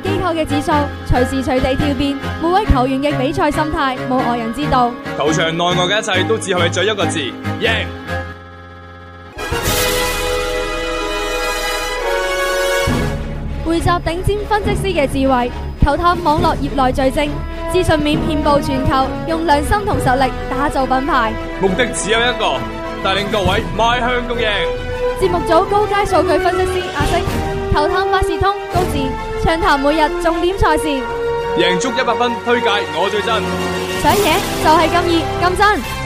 機構嘅指數隨時隨地跳變，每位球員嘅比賽心態冇外人知道。球場內外嘅一切都只係做一個字：贏。匯集頂尖分析師嘅智慧，球探網絡業內最精，資訊面遍布全球，用良心同實力打造品牌。目的只有一個，帶領各位邁向共贏。節目組高階數據分析師阿星，球探萬事通高智。暢談每日重點賽事，贏足一百分，推介我最真，想贏就係咁熱咁真。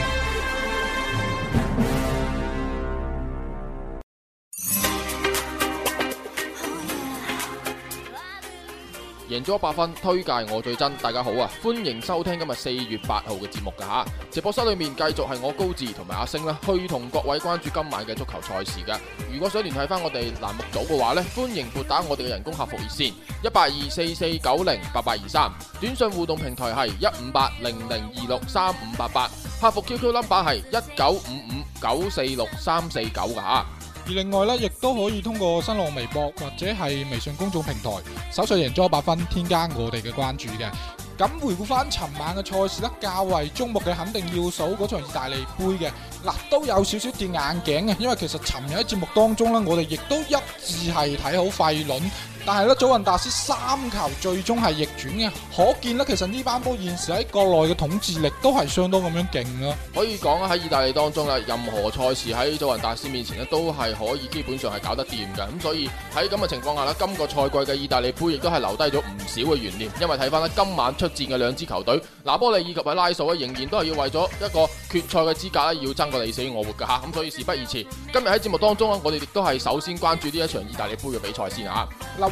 咗百分，推介我最真。大家好啊，歡迎收聽今日四月八號嘅節目噶吓。直播室裏面繼續係我高志同埋阿星啦，去同各位關注今晚嘅足球賽事噶。如果想聯繫翻我哋欄目組嘅話呢，歡迎撥打我哋嘅人工客服熱線一八二四四九零八八二三，823, 短信互動平台係一五八零零二六三五八八，客服 QQ number 係一九五五九四六三四九啊。而另外咧，亦都可以通過新浪微博或者係微信公眾平台搜索贏足 100FUN，添加我哋嘅關注嘅。咁回顧翻尋晚嘅賽事呢，較為矚目嘅肯定要數嗰場意大利杯嘅，嗱、啊、都有少少跌眼鏡嘅，因為其實尋日喺節目當中呢，我哋亦都一致係睇好費倫。但係咧，祖雲達斯三球最終係逆轉嘅，可見咧其實呢班波現時喺國內嘅統治力都係相當咁樣勁啊。可以講啊，喺意大利當中啦，任何賽事喺祖雲達斯面前呢，都係可以基本上係搞得掂嘅。咁所以喺咁嘅情況下呢，今個賽季嘅意大利杯亦都係留低咗唔少嘅懸念。因為睇翻呢，今晚出戰嘅兩支球隊，拿波利以及喺拉素咧，仍然都係要為咗一個決賽嘅資格咧，要爭個你死我活嘅吓。咁所以事不宜遲，今日喺節目當中咧，我哋亦都係首先關注呢一場意大利杯嘅比賽先啊。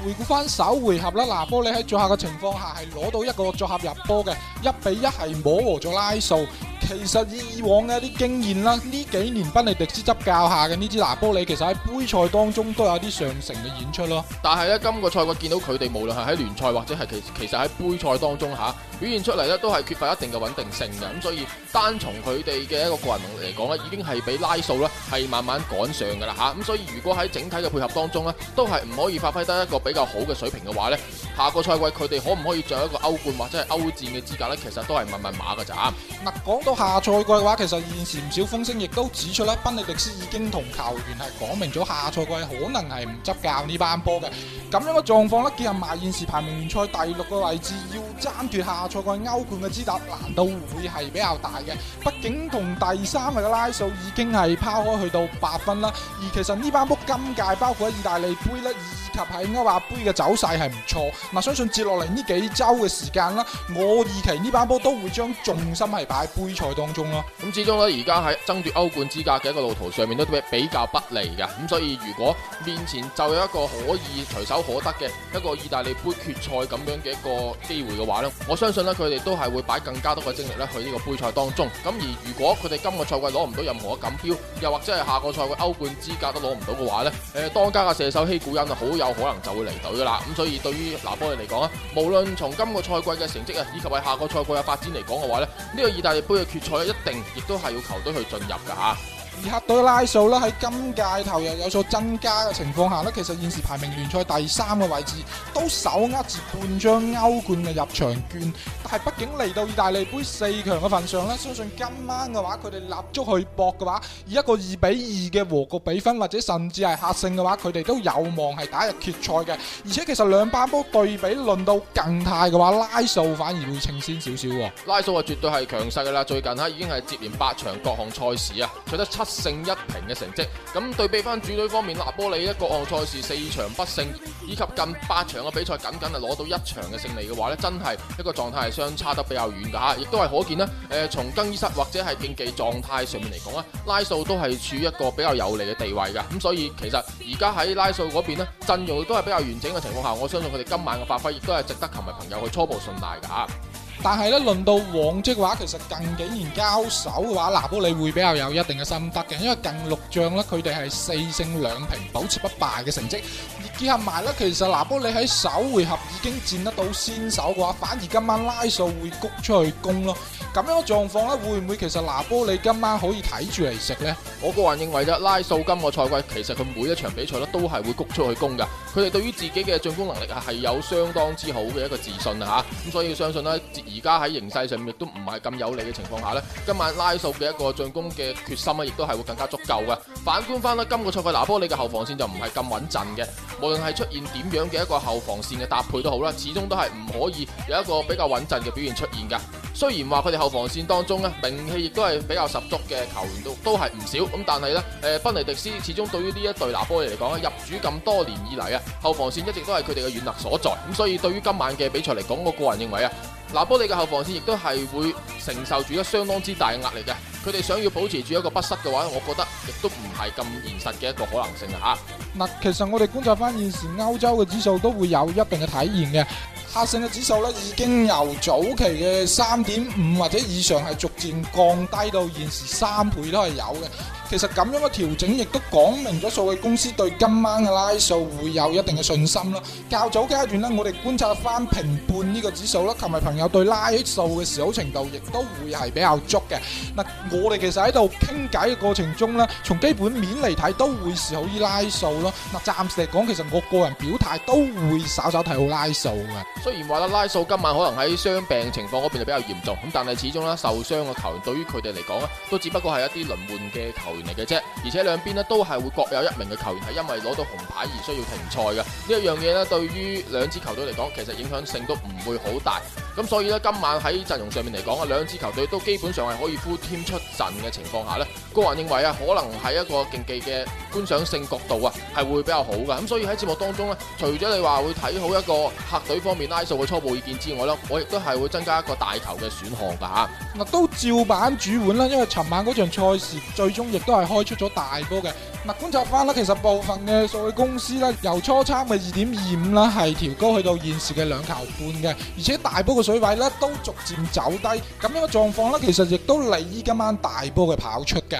回顧翻首回合啦，嗱，波你喺作客嘅情況下係攞到一個作客入波嘅一比一，係磨和咗拉數。其實以往嘅一啲經驗啦，呢幾年賓尼迪斯執教下嘅呢支拿玻里，其實喺杯賽當中都有啲上乘嘅演出咯。但係咧，今個賽季見到佢哋，無論係喺聯賽或者係其其實喺杯賽當中吓，表現出嚟咧都係缺乏一定嘅穩定性嘅。咁所以單從佢哋嘅一個個人能力嚟講咧，已經係畀拉素啦係慢慢趕上噶啦吓。咁所以如果喺整體嘅配合當中咧，都係唔可以發揮得一個比較好嘅水平嘅話咧。下個賽季佢哋可唔可以做一個歐冠或者係歐戰嘅資格呢？其實都係密密馬嘅咋。嗱，講到下賽季嘅話，其實現時唔少風聲亦都指出啦，賓尼迪斯已經同球員係講明咗下賽季可能係唔執教呢班波嘅。咁樣嘅狀況呢，結合埋現時排名聯賽第六嘅位置，要爭奪下賽季歐冠嘅資格，難度會係比較大嘅。畢竟同第三位嘅拉素已經係拋開去到八分啦。而其實呢班波今屆包括喺意大利杯呢，以及喺歐亞杯嘅走勢係唔錯。嗱，相信接落嚟呢幾週嘅時間啦，我預期呢班波都會將重心係擺喺杯賽當中啦。咁始終咧，而家喺爭奪歐冠資格嘅一個路途上面都比較不利嘅。咁所以如果面前就有一個可以隨手可得嘅一個意大利杯決賽咁樣嘅一個機會嘅話咧，我相信咧佢哋都係會擺更加多嘅精力咧去呢個杯賽當中。咁而如果佢哋今個賽季攞唔到任何嘅錦標，又或者係下個賽季歐冠資格都攞唔到嘅話咧，誒，當家嘅射手希古恩啊，好有可能就會離隊噶啦。咁所以對於波嚟講啊，無論從今個賽季嘅成績啊，以及係下個賽季嘅發展嚟講嘅話咧，呢個意大利杯嘅決賽一定亦都係要球隊去進入噶吓。而客隊拉素咧，喺今屆投入有所增加嘅情況下呢，其實現時排名聯賽第三嘅位置，都手握住半張歐冠嘅入場券。但係畢竟嚟到意大利杯四強嘅份上呢，相信今晚嘅話佢哋立足去搏嘅話，以一個二比二嘅和局比分，或者甚至係客勝嘅話，佢哋都有望係打入決賽嘅。而且其實兩班波對比論到近態嘅話，拉素反而會稱先少少。拉素啊，絕對係強勢噶啦！最近吓已經係接連八場各項賽事啊，取得七。一勝一平嘅成績，咁對比翻主隊方面，納波利各項賽事四場不勝，以及近八場嘅比賽僅僅係攞到一場嘅勝利嘅話呢真係一個狀態係相差得比較遠噶，亦都係可見啦，誒從更衣室或者係競技狀態上面嚟講啊，拉素都係處於一個比較有利嘅地位噶，咁所以其實而家喺拉素嗰邊呢陣容都係比較完整嘅情況下，我相信佢哋今晚嘅發揮亦都係值得球迷朋友去初步信賴噶但係咧，輪到往績嘅話，其實近幾年交手嘅話，拿波里會比較有一定嘅心得嘅，因為近六仗咧，佢哋係四勝兩平，保持不敗嘅成績。而結合埋咧，其實拿波里喺首回合已經佔得到先手嘅話，反而今晚拉素會谷出去攻咯。咁樣嘅狀況咧，會唔會其實拿波利今晚可以睇住嚟食呢？我個人認為啫，拉素今個賽季其實佢每一場比賽咧都係會谷出去攻噶。佢哋對於自己嘅進攻能力係有相當之好嘅一個自信，吓咁，啊，所以相信呢，而家喺形勢上面都唔係咁有利嘅情況下呢，今晚拉素嘅一個進攻嘅決心呢，亦都係會更加足夠嘅。反觀翻咧，今個賽季拿波利嘅後防線就唔係咁穩陣嘅，無論係出現點樣嘅一個後防線嘅搭配都好啦，始終都係唔可以有一個比較穩陣嘅表現出現噶。雖然話佢哋後防線當中咧名氣亦都係比較十足嘅球員都都係唔少，咁但係呢，誒，賓尼迪斯始終對於呢一隊拿波利嚟講，入主咁多年以嚟啊，後防線一直都係佢哋嘅軟肋所在，咁所以對於今晚嘅比賽嚟講，我個人認為啊，拿波利嘅後防線亦都係會承受住一相當之大嘅壓力嘅，佢哋想要保持住一個不失嘅話，我覺得亦都唔係咁現實嘅一個可能性啊。嗱，其實我哋觀察翻現時歐洲嘅指數都會有一定嘅體現嘅。客勝嘅指數咧，已經由早期嘅三點五或者以上，係逐漸降低到現時三倍都係有嘅。其實咁樣嘅調整亦都講明咗，數據公司對今晚嘅拉數會有一定嘅信心啦。較早階段咧，我哋觀察翻評判呢個指數啦，同埋朋友對拉數嘅睇好程度亦都會係比較足嘅。嗱，我哋其實喺度傾偈嘅過程中咧，從基本面嚟睇都會睇好於拉數咯。嗱，暫時嚟講，其實我個人表態都會稍稍睇好拉數嘅。雖然話啦，拉數今晚可能喺傷病情況嗰邊就比較嚴重，咁但係始終咧，受傷嘅球員對於佢哋嚟講咧，都只不過係一啲輪換嘅球嚟嘅啫，而且兩邊咧都係會各有一名嘅球員係因為攞到紅牌而需要停賽嘅呢一樣嘢咧，對於兩支球隊嚟講，其實影響性都唔會好大。咁所以呢，今晚喺陣容上面嚟講啊，兩支球隊都基本上係可以 full team 出陣嘅情況下呢，個人認為啊，可能係一個競技嘅觀賞性角度啊，係會比較好嘅。咁所以喺節目當中咧，除咗你話會睇好一個客隊方面拉數嘅初步意見之外咧，我亦都係會增加一個大球嘅選項噶吓。嗱，都照版主碗啦，因為尋晚嗰場賽事最終亦都係開出咗大波嘅。嗱，觀察翻啦，其實部分嘅數據公司咧，由初參嘅二點二五啦，係調高去到現時嘅兩球半嘅，而且大波嘅水位咧都逐漸走低，咁樣嘅狀況咧，其實亦都利於今晚大波嘅跑出嘅。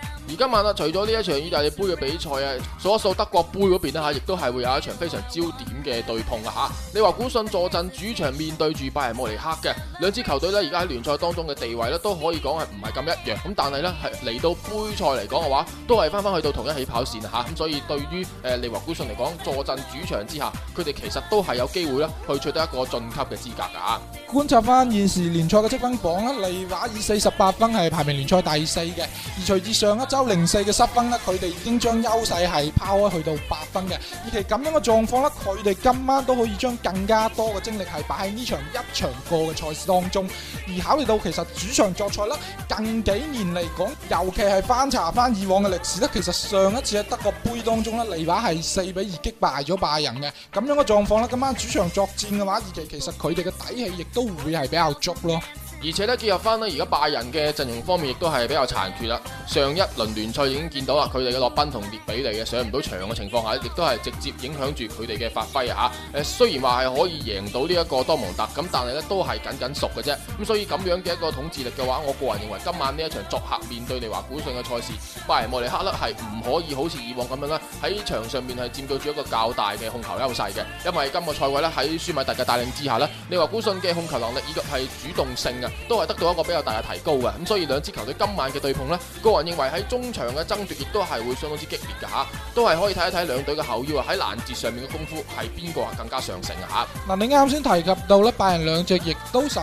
而今晚啊，除咗呢一場意大利杯嘅比賽啊，所數德國杯嗰邊啊，亦都係會有一場非常焦點嘅對碰啊！吓，利華古信坐鎮主場面對住拜仁慕尼黑嘅兩支球隊呢，而家喺聯賽當中嘅地位呢，都可以講係唔係咁一樣咁，但係呢，係嚟到杯賽嚟講嘅話，都係翻翻去到同一起跑線啊！吓咁，所以對於誒利華古信嚟講，坐鎮主場之下，佢哋其實都係有機會呢去取得一個晉級嘅資格噶。觀察翻現時聯賽嘅積分榜呢，利華以四十八分係排名聯賽第四嘅，而隨住上一周。零四嘅失分啦，佢哋已經將優勢係拋開去到八分嘅。以其咁樣嘅狀況咧，佢哋今晚都可以將更加多嘅精力係擺喺呢場一場過嘅賽事當中。而考慮到其實主場作賽咧，近幾年嚟講，尤其係翻查翻以往嘅歷史咧，其實上一次喺德國杯當中咧，利雅係四比二擊敗咗拜仁嘅。咁樣嘅狀況咧，今晚主場作戰嘅話，以其其實佢哋嘅底氣亦都會係比較足咯。而且咧結合翻咧，而家拜仁嘅陣容方面亦都係比較殘缺啦。上一輪聯賽已經見到啦，佢哋嘅洛賓同列比利嘅上唔到場嘅情況下亦都係直接影響住佢哋嘅發揮啊！嚇，誒雖然話係可以贏到呢一個多蒙特咁，但係咧都係僅僅熟嘅啫。咁所以咁樣嘅一個統治力嘅話，我個人認為今晚呢一場作客面對利華古信嘅賽事，拜仁慕尼黑勒係唔可以好似以往咁樣啦，喺場上面係佔據住一個較大嘅控球優勢嘅。因為今個賽季咧喺舒米特嘅帶領之下咧，利華古信嘅控球能力以及係主動性啊，都係得到一個比較大嘅提高嘅，咁所以兩支球隊今晚嘅對碰呢，個人認為喺中場嘅爭奪亦都係會相當之激烈嘅，吓，都係可以睇一睇兩隊嘅後腰喺攔截上面嘅功夫係邊個更加上乘吓。嗱、啊，你啱先提及到呢，拜仁兩隻亦都受，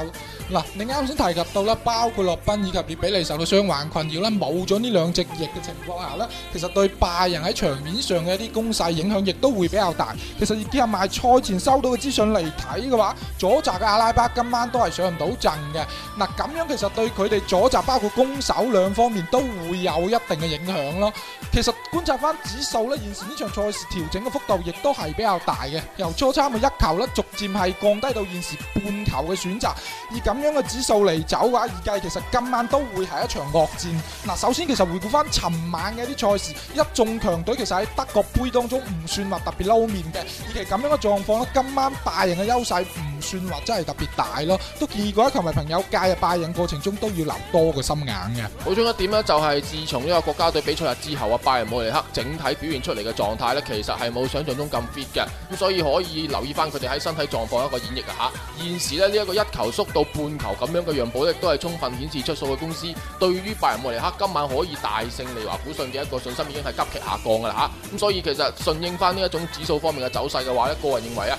嗱、啊，你啱先提及到咧，包括洛賓以及列比利受到傷患困擾啦，冇咗呢兩隻翼嘅情況下呢，其實對拜仁喺場面上嘅一啲攻勢影響亦都會比較大。其實已啲係賣賽前收到嘅資訊嚟睇嘅話，左閘嘅阿拉巴今晚都係上唔到陣嘅。嗱，咁樣其實對佢哋組織，包括攻守兩方面都會有一定嘅影響咯。其實觀察翻指數咧，現時呢場賽事調整嘅幅度亦都係比較大嘅，由初盤嘅一球咧，逐漸係降低到現時半球嘅選擇。以咁樣嘅指數嚟走嘅話，預計其實今晚都會係一場惡戰。嗱，首先其實回顧翻尋晚嘅啲賽事，一眾強隊其實喺德國杯當中唔算話特別撈面嘅，而其咁樣嘅狀況咧，今晚拜仁嘅優勢。算話真係特別大咯，都建議喺球迷朋友介入拜仁過程中都要留多個心眼嘅。好重一點呢，就係自從呢個國家隊比賽之後啊，拜仁慕尼黑整體表現出嚟嘅狀態呢，其實係冇想象中咁 fit 嘅。咁所以可以留意翻佢哋喺身體狀況一個演繹啊吓。現時咧呢一個一球縮到半球咁樣嘅讓步咧，都係充分顯示出數據公司對於拜仁慕尼黑今晚可以大勝利華古遜嘅一個信心已經係急劇下降噶啦吓。咁所以其實順應翻呢一種指數方面嘅走勢嘅話咧，個人認為啊。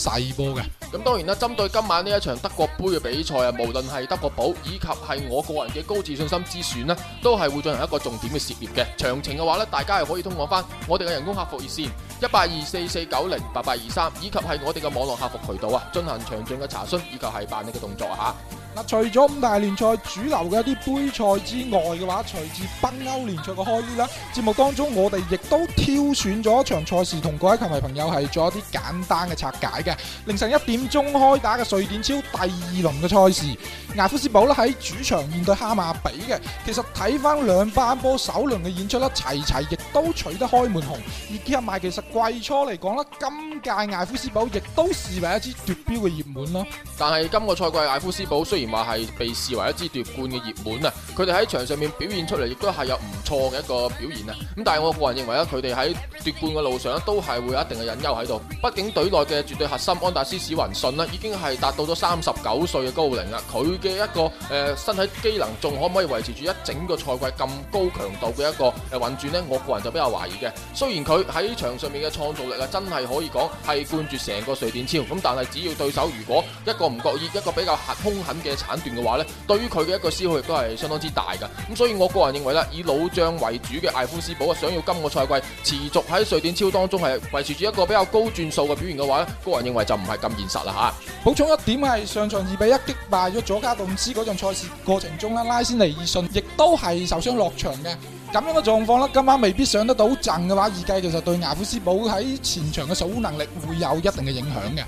細波嘅，咁當然啦，針對今晚呢一場德國杯嘅比賽啊，無論係德國寶以及係我個人嘅高自信心之選啦，都係會進行一個重點嘅涉獵嘅。詳情嘅話咧，大家係可以通過翻我哋嘅人工客服熱線一八二四四九零八八二三，823, 以及係我哋嘅網絡客服渠道啊，進行詳盡嘅查詢以及係辦理嘅動作吓。嗱，除咗五大聯賽主流嘅一啲杯賽之外嘅話，隨住北歐聯賽嘅開啲啦，節目當中我哋亦都挑選咗一場賽事同各位球迷朋友係做一啲簡單嘅拆解嘅。凌晨一點鐘開打嘅瑞典超第二輪嘅賽事，艾夫斯堡咧喺主場面對哈馬比嘅。其實睇翻兩班波首輪嘅演出啦，齊齊亦都取得開門紅。而結合埋其實季初嚟講啦，今屆艾夫斯堡亦都視為一支奪標嘅熱門啦。但係今個賽季艾夫斯堡雖話係被視為一支奪冠嘅熱門啊！佢哋喺場上面表現出嚟，亦都係有唔錯嘅一個表現啊！咁但係我個人認為咧，佢哋喺奪冠嘅路上咧，都係會有一定嘅隱憂喺度。畢竟隊內嘅絕對核心安達斯史雲遜咧，已經係達到咗三十九歲嘅高齡啦。佢嘅一個誒身體機能仲可唔可以維持住一整個賽季咁高強度嘅一個誒運轉咧？我個人就比較懷疑嘅。雖然佢喺場上面嘅創造力啊，真係可以講係灌注成個瑞典超咁，但係只要對手如果一個唔覺意，一個比較狠凶狠嘅。嘅產斷嘅話咧，對於佢嘅一個消耗亦都係相當之大嘅。咁所以我個人認為啦，以老將為主嘅艾夫斯堡啊，想要今個賽季持續喺瑞典超當中係維持住一個比較高轉數嘅表現嘅話咧，個人認為就唔係咁現實啦吓。補充一點係，上場二比一擊敗咗佐加頓斯嗰場賽事過程中呢，拉斯尼爾遜亦都係受傷落場嘅。咁樣嘅狀況呢，今晚未必上得到陣嘅話，預計其實對艾夫斯堡喺前場嘅守能力會有一定嘅影響嘅。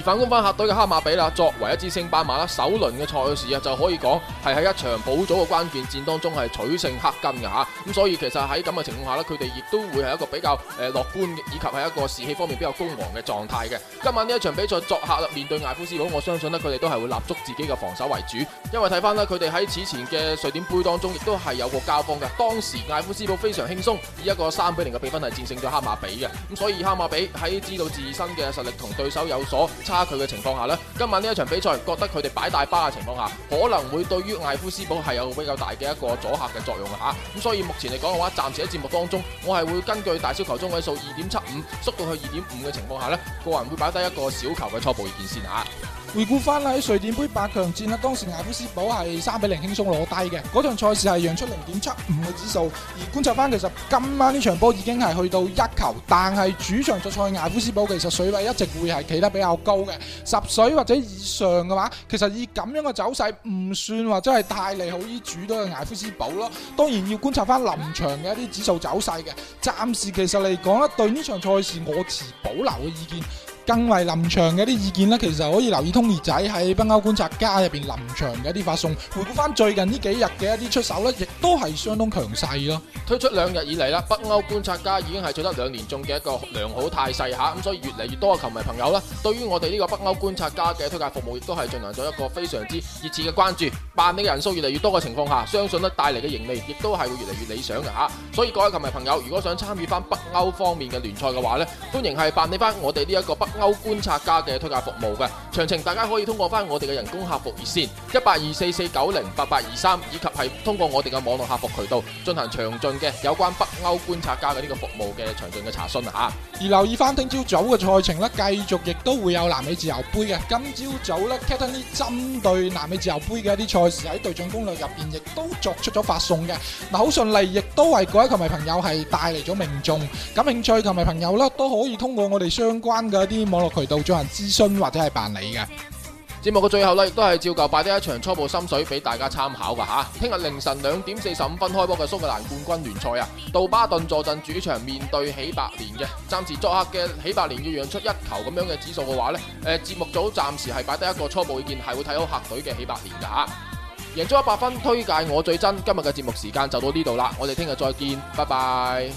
而反觀翻，客隊嘅哈馬比啦，作為一支升班馬啦，首輪嘅賽事啊就可以講係喺一場補組嘅關鍵戰當中係取勝克金嘅吓，咁所以其實喺咁嘅情況下咧，佢哋亦都會係一個比較誒樂觀以及係一個士氣方面比較高昂嘅狀態嘅。今晚呢一場比賽作客面對艾夫斯堡，我相信咧佢哋都係會立足自己嘅防守為主，因為睇翻咧佢哋喺此前嘅瑞典杯當中亦都係有過交鋒嘅。當時艾夫斯堡非常輕鬆以一個三比零嘅比分係戰勝咗哈馬比嘅，咁所以哈馬比喺知道自身嘅實力同對手有所差距嘅情況下咧，今晚呢一場比賽覺得佢哋擺大巴嘅情況下，可能會對於艾夫斯堡係有比較大嘅一個阻嚇嘅作用啊！咁所以目前嚟講嘅話，暫時喺節目當中，我係會根據大小球中位數二點七五縮到去二點五嘅情況下咧，個人會擺低一個小球嘅初步意見先吓。回顧翻啦，喺瑞典杯八強戰啦，當時艾夫斯堡係三比零輕鬆攞低嘅，嗰場賽事係讓出零點七五嘅指數。而觀察翻，其實今晚呢場波已經係去到一球，但係主場作賽艾夫斯堡其實水位一直會係企得比較高。十水或者以上嘅話，其實以咁樣嘅走勢，唔算話真係太利好於主隊嘅艾夫斯堡咯。當然要觀察翻臨場嘅一啲指數走勢嘅。暫時其實嚟講咧，對呢場賽事我持保留嘅意見。更為臨場嘅一啲意見呢，其實可以留意通兒仔喺北歐觀察家入邊臨場嘅一啲發送。回顧翻最近呢幾日嘅一啲出手呢，亦都係相當強勢咯。推出兩日以嚟啦，北歐觀察家已經係取得兩連中嘅一個良好態勢嚇，咁所以越嚟越多嘅球迷朋友咧，對於我哋呢個北歐觀察家嘅推介服務，亦都係進行咗一個非常之熱切嘅關注。辦理嘅人數越嚟越多嘅情況下，相信咧，帶嚟嘅盈利亦都係會越嚟越理想嘅嚇。所以各位球迷朋友，如果想參與翻北歐方面嘅聯賽嘅話呢，歡迎係辦理翻我哋呢一個北。北歐觀察家嘅推介服務嘅詳情，大家可以通過翻我哋嘅人工客服熱線一八二四四九零八八二三，823，以及係通過我哋嘅網絡客服渠道進行詳盡嘅有關北歐觀察家嘅呢個服務嘅詳盡嘅查詢啊！而留意翻聽朝早嘅賽程呢，繼續亦都會有南美自由杯嘅。今朝早，早呢 Catherine 針對南美自由杯嘅一啲賽事喺隊長攻略入邊亦都作出咗發送嘅。嗱，好順利，亦都為各位球迷朋友係帶嚟咗命中。感興趣球迷朋友咧，都可以通過我哋相關嘅一啲。網絡渠道進行諮詢或者係辦理嘅。節目嘅最後呢，亦都係照舊擺低一場初步心水俾大家參考噶吓。聽日凌晨兩點四十五分開波嘅蘇格蘭冠軍聯賽啊，杜巴頓坐鎮主場面對喜百年嘅。暫時作客嘅喜百年要讓出一球咁樣嘅指數嘅話呢。誒、呃，節目組暫時係擺低一個初步意見，係會睇好客隊嘅喜百年噶吓。贏足 100FUN 推介我最真。今日嘅節目時間就到呢度啦，我哋聽日再見，拜拜。